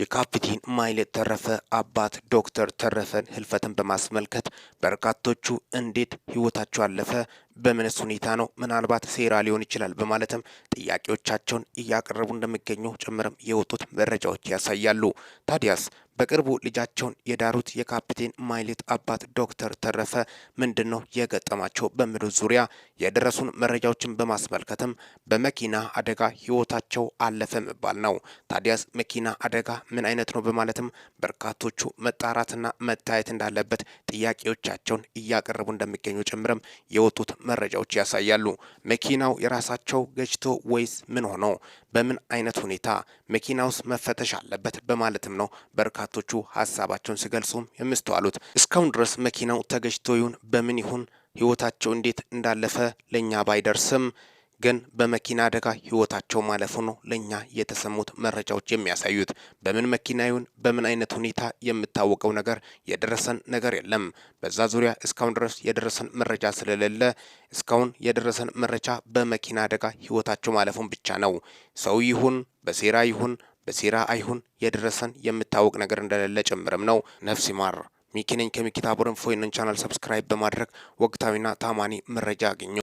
የካፒቴን ማይሌት ተረፈ አባት ዶክተር ተረፈን ህልፈትን በማስመልከት በርካቶቹ እንዴት ህይወታቸው አለፈ፣ በምንስ ሁኔታ ነው፣ ምናልባት ሴራ ሊሆን ይችላል በማለትም ጥያቄዎቻቸውን እያቀረቡ እንደሚገኙ ጭምርም የወጡት መረጃዎች ያሳያሉ። ታዲያስ በቅርቡ ልጃቸውን የዳሩት የካፕቴን ማይሌት አባት ዶክተር ተረፈ ምንድን ነው የገጠማቸው በሚለው ዙሪያ የደረሱን መረጃዎችን በማስመልከትም በመኪና አደጋ ህይወታቸው አለፈ መባል ነው። ታዲያስ መኪና አደጋ ምን አይነት ነው በማለትም በርካቶቹ መጣራትና መታየት እንዳለበት ጥያቄዎቻቸውን እያቀረቡ እንደሚገኙ ጭምርም የወጡት መረጃዎች ያሳያሉ። መኪናው የራሳቸው ገጭቶ ወይስ ምን ሆኖ በምን አይነት ሁኔታ መኪናውስ መፈተሽ አለበት በማለትም ነው በርካ ወጣቶቹ ሀሳባቸውን ሲገልጹም የምስተዋሉት እስካሁን ድረስ መኪናው ተገጭቶ ይሁን በምን ይሁን ህይወታቸው እንዴት እንዳለፈ ለእኛ ባይደርስም ግን በመኪና አደጋ ህይወታቸው ማለፉ ነው ለእኛ የተሰሙት መረጃዎች የሚያሳዩት። በምን መኪና ይሁን በምን አይነት ሁኔታ የምታወቀው ነገር የደረሰን ነገር የለም። በዛ ዙሪያ እስካሁን ድረስ የደረሰን መረጃ ስለሌለ እስካሁን የደረሰን መረጃ በመኪና አደጋ ህይወታቸው ማለፉን ብቻ ነው። ሰው ይሁን በሴራ ይሁን በሴራ አይሁን የደረሰን የምታወቅ ነገር እንደሌለ ጭምርም ነው። ነፍስ ይማር። ሚኪ ነኝ ከሚኪታቡርን ፎይንን ቻናል ሰብስክራይብ በማድረግ ወቅታዊና ታማኒ መረጃ አግኙ።